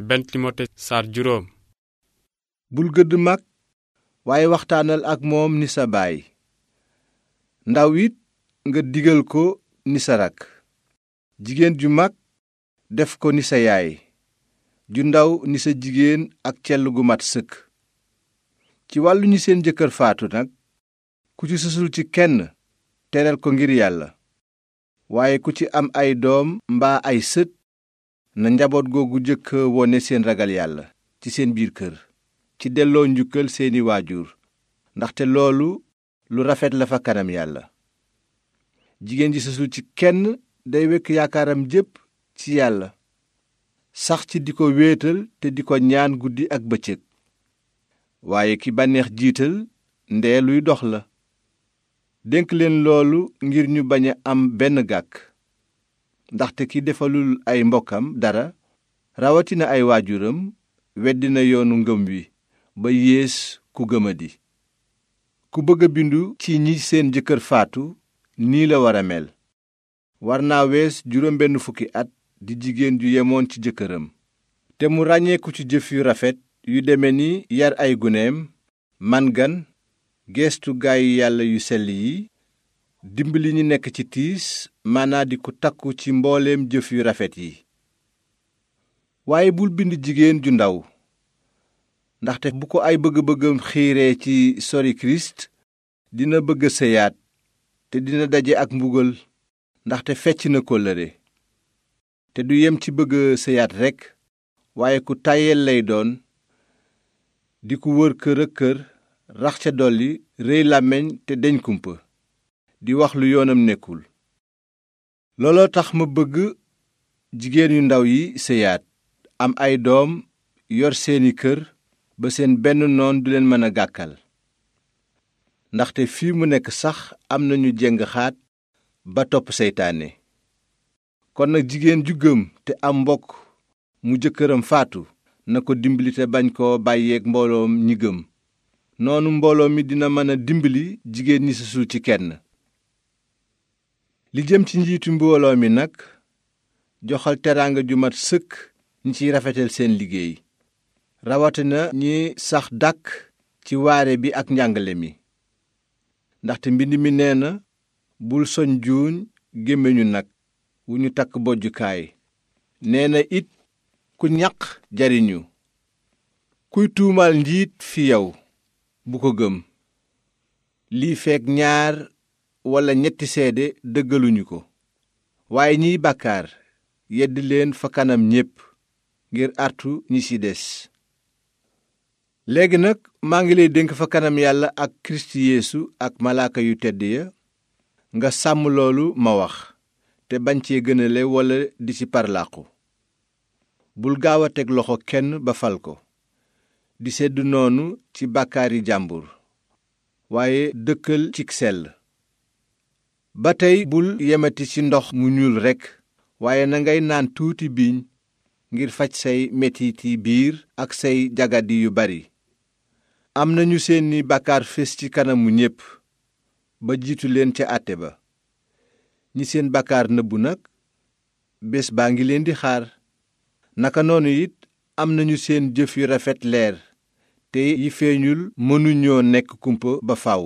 benn timote saar juróom bul gëdd mag waaye waxtaanal ak moom ni sa baay ndaw it nga digal ko ni sa rak jigéen ju mag def ko ni sa yaay ju ndaw ni sa jigéen ak cell gu mat sëkk ci wàllu ñi seen jëkkër faatu nag ku ci susul ci kenn teral ko ngir yàlla waaye ku ci am ay doom mbaa ay sët na njaboot googu jëkk wone seen ragal yàlla ci seen biir kër ci delloo njukkal seeni waajur ndaxte loolu lu rafet la fa kanam yàlla jigéen ji sësul ci kenn day wekk yaakaaram jépp ci yàlla sax ci di ko wéetal te di ko ñaan guddi ak bëccëg waaye ki bànneex jiital ndee luy dox la dénk leen loolu ngir ñu bañ a am benn gàkk ndaxte ki defalul ay mbokkam dara rawatina ay waajuram weddi na yoonu ngëm wi ba yées ku gëmadi ku bëgg a bindu ci ñi seen jëkkër faatu nii la war a mel war naa wees juróom benn fukki at di jigéen ju yemoon ci jëkkëram te mu ràññeeku ci jëf yu rafet yu deme ni yar ay guneem man gan geestu gaayu yàlla yu sell yi dimbali ñi nekk ci tiis maanaa di ku takku ci mbooleem jëf yu rafet yi waaye bul bind jigéen ju ndaw ndaxte bu ko ay bëgg-bëggam xiiree ci sori kirist dina bëgg sëyaat te dina daje ak mbugal ndaxte fecc na kóllëre te du yem ci bëgg sëyaat rekk waaye ku tayel lay doon di ku wër kër ak kër rax ca dolli rëy làmmiñ te deñ kumpa di wax lu yoonam nekkul looloo tax ma bëgg jigéen yu ndaw yi sëyaat am ay doom yor seeni kër ba seen benn noon du leen mën a gàkkal ndaxte fii mu nekk sax am nañu jeng xaat ba topp seytaane kon nag jigéen ju gëm te am mbokk mu jëkkëram faatu na ko dimbali te bañ koo bàyyeeg mbooloom ñi gëm noonu mbooloo mi dina mën a dimbali jigéen ñi sasul ci kenn li jëm ci njiitu mbooloo mi nag joxal teraanga ju mat sëkk ñi ciy rafetal seen liggéey rawatina ñi sax dàkk ci waare bi ak njàngale mi ndaxte mbind mi nee na bul soñ juuñ gémmiñu nag wu ñu takk bojjukaay nee na it ku ñaq jariñu kuy tuumaal njiit fi yow bu ko gëm lii feek ñaar walla ñetti seede dëggaluñu ko waaye ñiy bàkkaar yeddi leen fa kanam ñépp ngir artu ñi ci des léegi nag maa ngi lay dénk fa kanam yàlla ak kirist yeesu ak malaaka yu tedd ya nga sàmm loolu ma wax te bañ cee gënale walla di ci parlaqu bul gaaw a teg loxo kenn ba fal ko di sedd noonu ci bàkkaari jàmbur waaye dëkkal cig sell ba tey bul yemati ci ndox mu ñuul rekk waaye nangay naan tuuti biiñ ngir faj say metiti biir ak say jagadi yu bari am nañu seeni bàkkaar fés ci kanamu ñépp ba jiitu leen ca àtte ba ñi seen bàkkaar nëbbu nag bés baa ngi leen di xaar naka noonu it am nañu seen jëf yu rafet leer te yi feeñul mënuñoo nekk kumpa ba faw